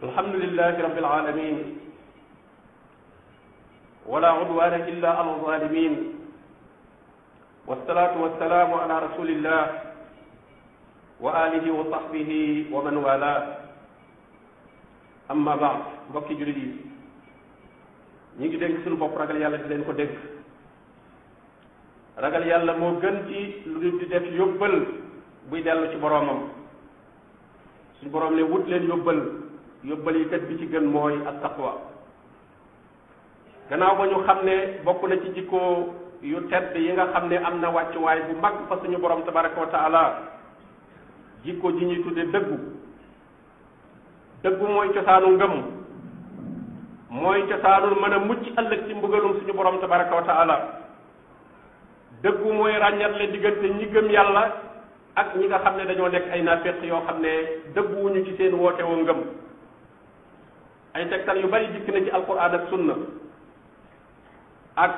alhamdulilahi rabbil alamin wala udwana illa ala zalimin wassalatu wassalamu ala rasulillah wa alihi wa sahbihi wa man wala amma baad mbokki jullit yi ñu ngi dénk suñu bopp ragal yàlla di leen ko dénk ragal yàlla moo gën ci lu nit di def yóbbal buy dellu ci boroomam suñu boroom ne wut leen yóbbal yóbbalikat bi ci gën mooy ak taqwa gannaaw ba ñu xam ne bokk na ci jikko yu tedd yi nga xam ne am na wàccuwaay bu mag fa suñu borom tabaraka wa taala jikko ji ñuy tudde dëggu dëggu mooy cosaanu ngëm mooy cosaanul mën a mucc ëllëg ci mbugalum suñu borom tabaraka wa taala dëggu mooy ràññatle diggante ñi gëm yàlla ak ñi nga xam ne dañoo nekk ay naaféq yoo xam ne dëgguwuñu ci seen woote woo ngëm ay tegtal yu bari dikk na ci alquran ak sunna ak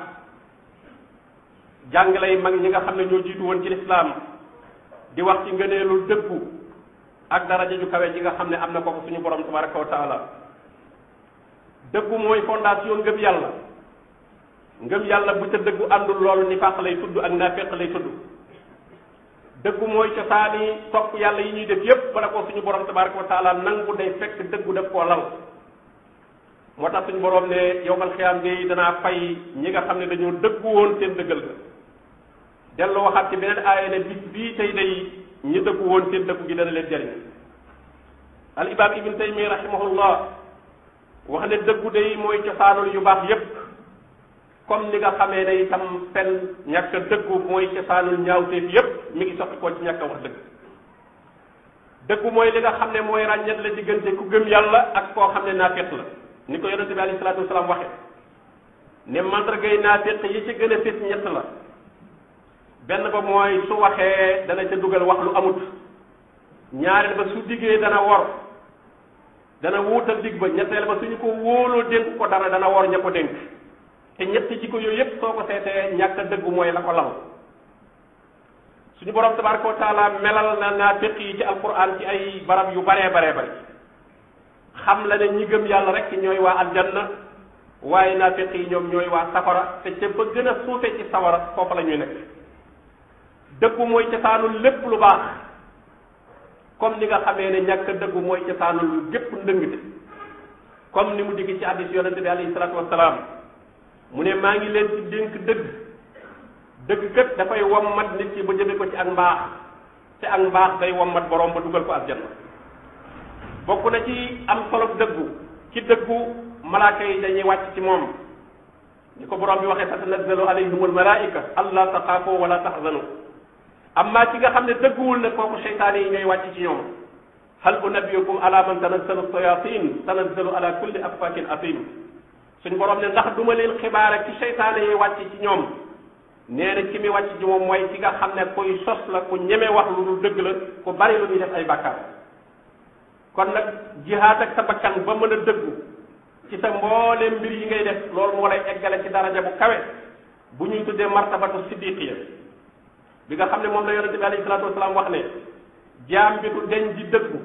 jàngale yi mag ñi nga xam ne ñoo jiitu woon ci lislaam di wax ci ngëneelu dëggu ak daraja ju kawe ji nga xam ne am na ko suñu borom tabaraka wa taala dëggu mooy fondation ngëm yàlla ngëm yàlla bu ca dëggu àndul loolu ni nifaaq lay tudd ak naafeq lay tudd dëggu mooy cosaani topp yàlla yi ñuy def yépp bala ko suñu borom tabaraka wa taala nangu day fekk dëggu daf koo lal moo tax suñu borom ne yowmal xiyaam day danaa fay ñi nga xam ne dañoo dëggu woon seen dëggal ga dellu waxaat ci beneen aaya ne bis bii tey day ñi dëggu woon seen dëggu gi dana leen jariñ al imaam ibn taymi rahimahullah wax ne dëggu day mooy cosaanul yu baax yépp comme ni nga xamee day tam fen ñàkk a dëggu mooy cosaanul ñaawteef yépp mi ngi soqi ko ci ñàkk wax dëgg dëggu mooy li nga xam ne mooy ràññet la diggante ku gëm yàlla ak koo xam ne naafiq ni ko yonente bi alayhi salaatu wasalaam waxe ne mandargay naafiq yi ci gën a fit ñett la benn ba mooy su waxee dana ca dugal wax lu amut ñaareel ba su diggee dana wor dana wuutal digg ba ñetteel ba suñu ko wóoloo dénk ko dara dana wor ña ko dénk te ñetti ci ko yooyu yépp soo ko seetee ñàkk a dëggu mooy la ko lal suñu borom tabaraka wa taala melal na naafiq yi ci alquran ci ay barab yu baree baree bari xam la ne ñi gëm yàlla rekk ñooy waa na waaye naafiq yi ñoom ñooy waa safara te ca ba gën a suufe ci sawara foofu la ñuy nekk dëggu mooy cosaanul lépp lu baax comme ni nga xamee ne ñàkk dëggu mooy cosaanul gépp ndëngte comme ni mu digg ci hadis yonente bi alayhi salaatu wasalaam mu ne maa ngi leen ci dénk dëgg dëgg kat dafay wommat nit ki ba jëme ko ci ak mbaax te ak mbaax day wommat borom ba dugal ko aljanna bokk na ci am solo dëggu ci dëggu malaaka yi dañuy wàcc ci moom ni ko borom bi waxee tatanazzalu alayhimul malaika alla taxaafu wala taxzanu amma ci nga xam ne dëgguwul ne kooku seytaane yi ñooy wàcc ci ñoom hal unabiyukum ala man tanazzalu shayatin tanazzalu ala kulli affakin athim suñ borom ne ndax duma leen xibaare ci seytaane yi wàcc ci ñoom nee na ki mi wàcc ci moom mooy ki nga xam ne kuy sos la ku ñeme wax lu dul dëgg la ku bari lu ñuy def ay bàkkaar kon nag jihaat ak sa bakkan ba mën a dëggu ci sa mbooleem mbir yi ngay def loolu moo lay eggale ci daraja bu kawe bu ñuy tuddee martabatu siddiqiya bi nga xam ne moom la yonente bi alayhi salaatu wasalaam wax ne jaam bi du deñ di dëggu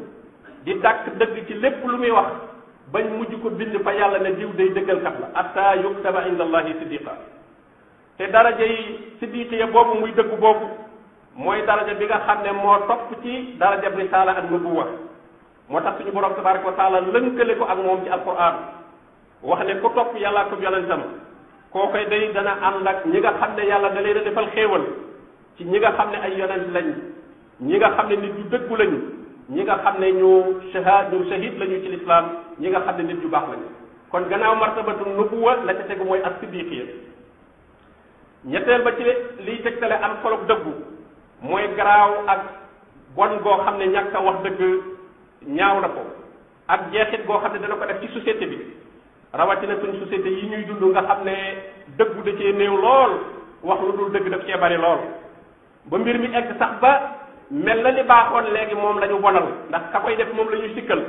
di dàkk dëgg ci lépp lu muy wax bañ mujj ko bind fa yàlla ne diw day dëggal kat la atta yuktaba inda allahi siddiqa te daraja yi siddiqiya boobu muy dëggu boobu mooy daraja bi nga xam ne moo topp ci daraja bi risaala ak nubuwa moo tax suñu borom tabaraka wa taala lënkale ko ak moom ci alquran wax ne ku topp yàllaa ko yonentam koo koy day dana ànd ak ñi nga xam ne yàlla da leen a defal xéewal ci ñi nga xam ne ay yonent lañ ñi nga xam ne nit ñu dëggu lañu ñi nga xam ne ñu shahaad ñu shahid lañu ci lislaam ñi nga xam ne nit ñu baax lañu kon gannaaw martabatu nubuwa la ca tegu mooy as-siddiqiya ñetteel ba ci liy tegtale am solo dëggu mooy garaaw ak bon goo xam ne ñàkk ñaaw la ko ak jeexit goo xam ne dana ko def ci société bi rawatina suñ société yi ñuy dund nga xam ne dëggu de cee néew lool wax lu daf cee bari lool ba mbir mi egg sax ba mel na li baaxoon léegi moom lañu ñu bonal ndax ka koy def moom la ñuy sikkal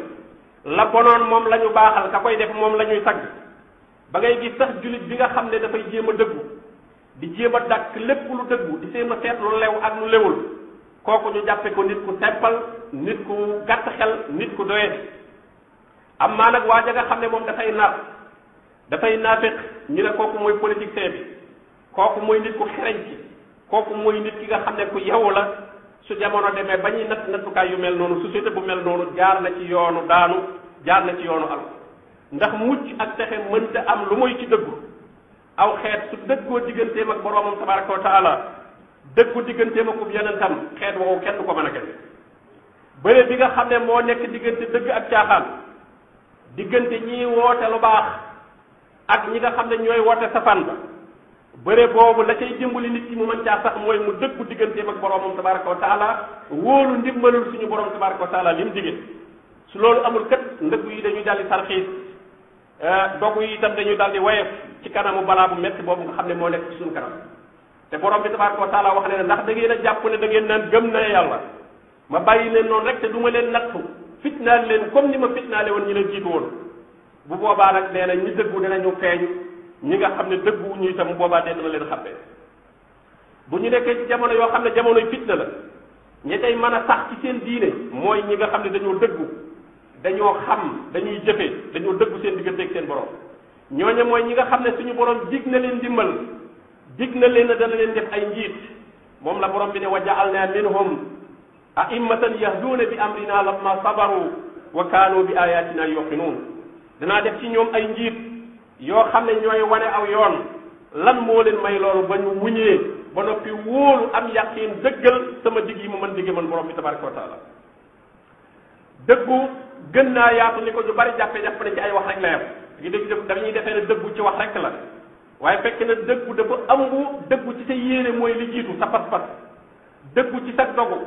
la bonoon moom la ñu baaxal ka koy def moom la ñuy sagg ba ngay gis sax jullit bi nga xam ne dafay jéem a dëggu di jéem a dàkk lépp lu dëggu di jéem a seet lu lew ak lu lewul kooku ñu jàppe ko nit ku teppal nit ku gàtt xel nit ku doye am maa nag waa ja nga xam ne moom dafay nar dafay naafiq ñu ne kooku mooy politicien bi kooku mooy nit ku xereñ ci kooku mooy nit ki nga xam ne ku yewu la su jamono demee ba ñuy natt nattukaay yu mel noonu société bu mel noonu jaar na ci yoonu daanu jaar na ci yoonu al ndax mucc ak texe mënta am lu muy ci dëggu aw xeet su dëggoo digganteem ak boroomam tabaraka wa taala dëggu digganteem ak ub yonentam xeet woowu kenn ko mën a gën bëre bi nga xam ne moo nekk diggante dëgg ak caaxaan diggante ñi woote lu baax ak ñi nga xam ne ñooy woote safaan ba bëre boobu la cay dimbali nit ki mu mën caa sax mooy mu dëggu digganteem ak boromam tabaraka wa taala wóolu ndimbalul suñu borom tabaraka wa taala li mu dige su loolu amul kat ndëgg yi dañuy daldi sarxiis eh, dogu yi itam dañuy daldi woyof ci kanamu balaa bu metti boobu nga xam ne moo nekk ci suñu kanam te borom bi tabaraka wa taala wax ndax da ngeen a jàpp ne da ngeen naan gëm na yàlla ma bàyyi leen noonu rek te du ma leen nattu fitnaal leen comme ni ma fitnaale woon ñi la jiitu woon bu boobaa nag nee na ñi dëggu dinañu feeñ ñi nga xam ne dëggu ñu itam boobaa dee dana leen xàppee bu ñu nekkee jamono yoo xam ne jamonoy fitna la ñi tey mën a sax ci seen diine mooy ñi nga xam ne dañoo dëggu dañoo xam dañuy jëfee dañoo dëggu seen diggante ak seen borom ñooñu mooy ñi nga xam ne suñu borom dig na leen ndimbal dig na leen dana leen def ay njiit moom la borom bi ne wa ja'alna minhum aimmatan yahduuna bi am amrina lamma sabaru wa kaanu bi yoo yuqinuun danaa def ci ñoom ay njiit yoo xam ne ñooy wane aw yoon lan moo leen may loolu ba ñu muñee ba noppi wóolu am yaqiin dëggal sama digg yi ma man digge man borom bi tabaraka wa dëggu gën naa yaatu ni ko ñu bari jàppe jàpp ne ci ay wax rek la yem gi dëgg dañuy defee ne dëggu ci wax rek la waaye fekk na dëggu dafa ëmb dëggu ci sa yéene mooy li jiitu sa pas-pas dëggu ci sa dogu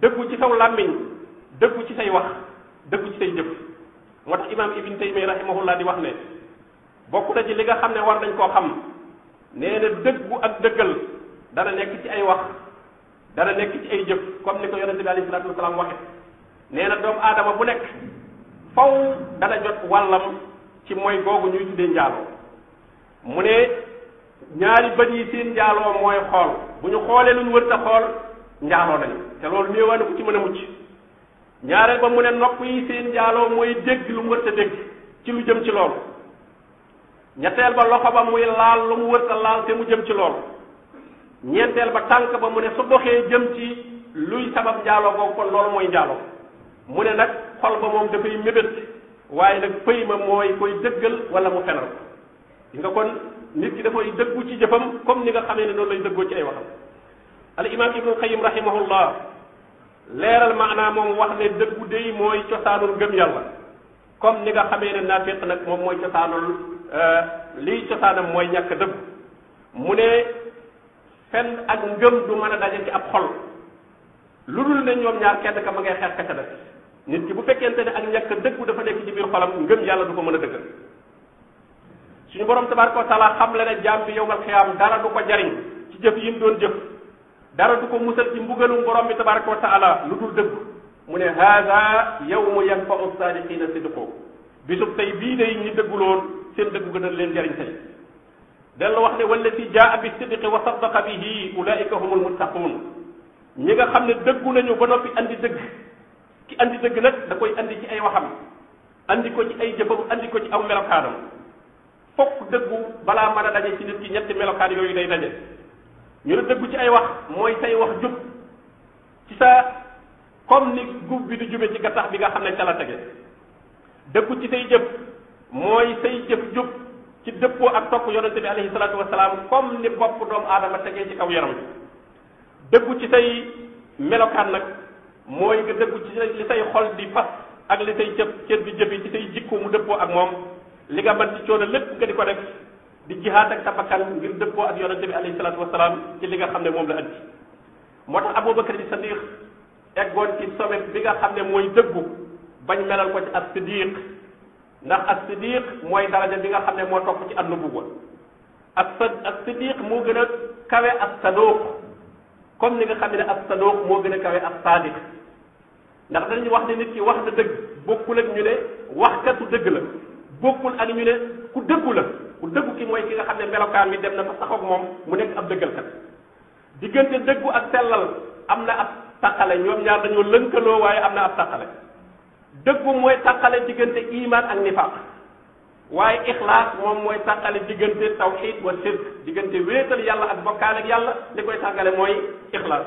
dëggu ci saw làmmiñ dëggu ci say wax dëggu ci say jëf moo tax imaam ibn taymi laa di wax ne bokk na ci li nga xam ne war nañ koo xam nee na dëggu ak dëggal dana nekk ci ay wax dana nekk ci ay jëf comme ni ko yonente bi alayhi salatu wasalaam waxe nee na doomu aadama bu nekk faw dana jot wàllam ci mooy googu ñuy tuddee njaaloo mu ne ñaari bët yi seen njaaloo mooy xool bu ñu xoolee lu ñu wër ta xool njaaloo nañu te loolu néewaane ku ci mën a mucc ñaareel ba mu ne nopp yi seen njaaloo mooy dégg lu mu wërta dégg ci lu jëm ci loolu ñetteel ba loxo ba muy laal lu mu wërta laal te mu jëm ci loolu ñeenteel ba tànk ba mu ne su jëm ci luy sabab njaaloo boobu kon loolu mooy njaaloo mu ne nag xol ba moom dafay mébét waaye nag pëy ma mooy koy dëggal wala mu fenal ko nga kon nit ki dafay dëggu ci jëfam comme ni nga xamee ne noonu lay dëggoo ci ay waxam al imam ibnu qayyim rahimahullah leeral maanaa moom wax ne dëggu dey mooy cosaanul gëm yàlla comme ni nga xamee ne naafiq nag moom mooy cosaanul euh, liy cosaanam mooy ñàkk dëgg mu ne fen ak ngëm du mën a daje ci ab xol lu dul ne ñoom ñaar kenn ka ma ngay xeex kacca def nit ki bu fekkente ne ak ñàkk dëggu dafa nekk ci biir xolam ngëm yàlla du ko mën a dëggal suñu borom tabaraka wa taala xam le ne jaam bi yowmal xiyaam dara du ko jariñ ci jëf yi mu doon jëf dara du ko musal ci mbugalum borom bi tabaraka wa taala lu dul dëgg mu ne mu haada yawmu yanfau saadiqina sidqo bisub tey bii day ñi dëgguloon seen dëggu gën a leen jariñ tey dellu wax ne wallati jaa bi sidqi wa saddaqa bihi ulaika humul muttaquun ñi nga xam ne dëggu nañu ba noppi andi dëgg ki andi dëgg nag da koy indi ci ay waxam andi ko ci ay jëfam indi ko ci aw melokaanam fokk dëggu balaa man a daje ci nit ki ñetti melokaan yooyu day daje ñu la dëggu ci ay wax mooy say wax jub ci sa comme ni guub bi di jube ci gattax bi nga xam ne ca la tege dëggu ci say jëf mooy say jëf jub ci dëppoo ak topp yonente bi alayhi salaatu wasalaam comme ni bopp doomu aadama tegee ci kaw yaram bi dëggu ci say melokaan nag mooy nga dëggu ci li say xol di fas ak li say jëf cër bi jëf ci say jikko mu dëppoo ak moom li nga mën ci coono lépp nga di ko def di jihaad ak sa bakkan ngir dëppoo ak yonente bi alayhi salaatu wasalaam ci li nga xam ne moom la andi moo tax Abubakar di Sadiq eggoon ci sommet bi nga xam ne mooy dëggu bañ melal ko ci as-Siddiq ndax as-Siddiq mooy daraja bi nga xam ne moo topp ci an-nubuwwa as-Siddiq moo gën a kawe as-Saduq comme ni nga xam ne as-Saduq moo gën a kawe ab sadiq ndax dañuy wax ne nit ki wax na dëgg bokkul ak ñu ne wax waxkatu dëgg la bokkul ak ñu ne ku dëggu la. ku dëggu ki mooy ki nga xam ne melokaan bi dem na fa saxoog moom mu nekk ab dëggalkat diggante dëggu ak sellal am na ab taqale ñoom ñaar dañoo lënkaloo waaye am na ab taqale dëggu mooy taqale diggante iman ak nifaq waaye ixlaas moom mooy tàqale diggante tawxid wa sirk diggante wéetal yàlla ak bokkaale yàlla li koy tàggale mooy ixlaas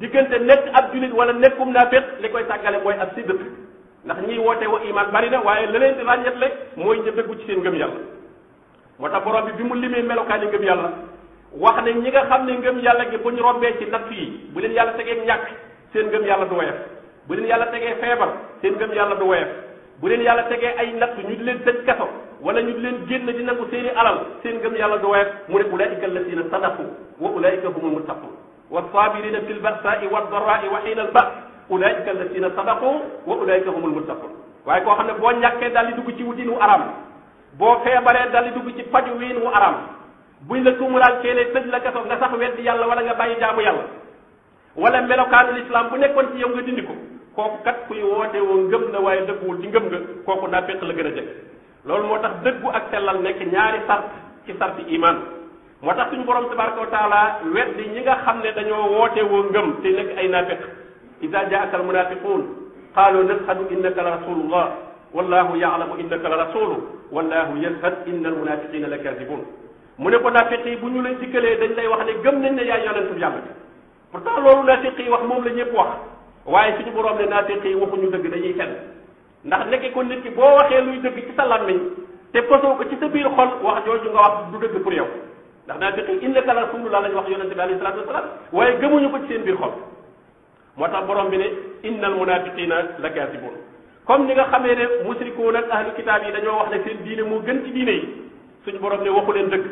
diggante nekk ab julit wala nekkum naafiq li koy tàggale mooy ab sidq ndax ñiy wootee wa iman bari na waaye la leen di mooy ñu dëggu ci seen ngëm moo tax borom bi bi mu limee melokaan yi ngëm yàlla wax ne ñi nga xam ne ngëm yàlla gi bu ñu rombee ci natt yi bu leen yàlla tegee ñàkk seen ngëm yàlla du woyof bu leen yàlla tegee feebar seen ngëm yàlla du woyof bu leen yàlla tegee ay natt ñu di leen tëj kaso wala ñu leen génn di nangu seeni alal seen ngëm yàlla du woyof mu ne ulaika alladina sadaqu wa ulaika humul muttaqun wasabirina fi lbasaai waddarai wa xiina alba ulaika alladina sadaqu wa ulaika humul muttaqun waaye koo xam ne boo ñàkkee daal di dugg ci wutinu araam boo feebaree dal di dugg ci paju wiin wu aram buñ la tuumuraal keene tëj la kaso nga sax weddi yàlla wala nga bàyyi jaamu yàlla wala melokaanu lislaam bu nekkoon ci yow nga dindi ko kooku kat kuy woote woo ngëm na waaye dëgguwul ci ngëm nga kooku naa la gën a jëkk loolu moo tax dëggu ak sellal nekk ñaari sart ci sarti imaan moo tax suñu borom tabaraka wa taala weddi ñi nga xam ne dañoo woote woo ngëm te nekk ay naafiq ida jaaka almunafiqun qaalu nashhadu innaka la rasulullah ya la wallahu yaalamu innaka la rasulu wallahu yashhad inna almunafiqina la kadibun mu ne ko naafiq yi bu ñu lay dikkalee dañ lay wax ne gëm nañ ne yaay yonentu yàlla bi pourtant loolu naafiq wax moom la ñëpp wax waaye suñu boroom ne naafiq yi waxuñu dëgg dañuy fen ndax nekk ko nit ki boo waxee luy dëgg ci sa làmmiñ te posoo ko ci sa biir xol wax jooju nga wax du dëgg pour yow ndax naafiq yi innaka la rasulullah lañ wax yonente bi alayhi salatu wasalaam waaye gëmuñu ko ci seen biir xol moo tax borom bi ne innal munafiqina la kadibun comme ni nga xamee ne musrikuun ak ahlu kitaab yi dañoo wax ne seen diine moo gën ci diine yi suñu borom ne waxu leen dëgg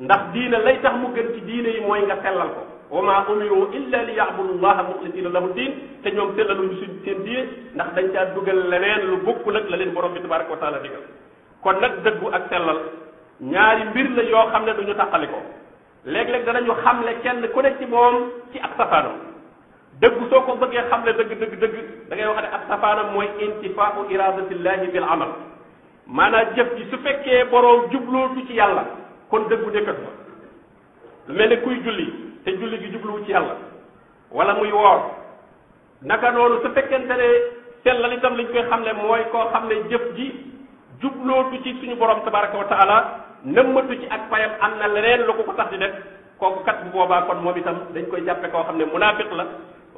ndax diine lay tax mu gën ci diine yi mooy nga sellal ko wa ma umiru illa li ya'budu llaha muxlisina lahu diin te ñoom sellaluñu suñ seen diine ndax dañ caa dugal leneen lu bokkul ak la leen borom bi tabaraka wa taala digal kon nag dëggu ak sellal ñaari mbir la yoo xam ne duñu taqali ko léeg-léeg danañu xamle kenn ku ne ci moom ci ab safaanam dëgg soo ko bëggee xam xamle dëgg dëgg dëgg dangay ngay wax ne ab safaanam mooy intifaau iradatillahi bil amal maanaam jëf ji su fekkee boroom jublootu ci yàlla kon dëggu nekkat fa lu kuy julli te julli bi jubluwu ci yàlla wala muy woor naka noonu su fekkente ne sellal itam liñ koy xamle mooy koo xam ne jëf ji jublootu ci suñu borom tabaraka wa taala nëmmatu ci ak payam am na leneen lu ko ko tax di def kooku kat bu boobaa kon moom itam dañ koy jàppe koo xam ne munaafiq la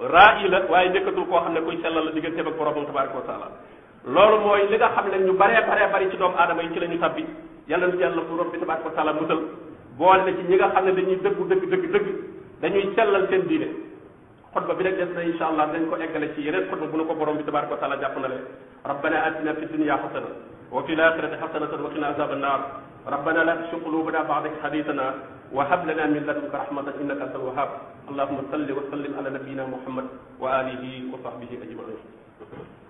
raa la waaye nekkatul koo xam ne kuy sellal la digganteem ak boromam tabaraka wa taala loolu mooy li nga xam ne ñu baree baree bari ci doomu aadama yi ci la ñu tabbi yàlla nu yàlla borom bi tabaraka wa taala musal boole na ci ñi nga xam ne dañuy dëggu dëgg dëgg dëgg dañuy sellal seen diine xutba bi rek des na insha allah dañ ko eggale ci yeneen xutba bu nu ko borom bi tabaraka wa taala jàpp na leen rabbana atina fi dunya xasana wa fi l axirati xasanatan la tusi qulubana wa hab lana min ladunka rahmatan innaka antal wahhab allahumma salli wa sallim ala nabiyyina muhammad wa alihi wa sahbihi ajmain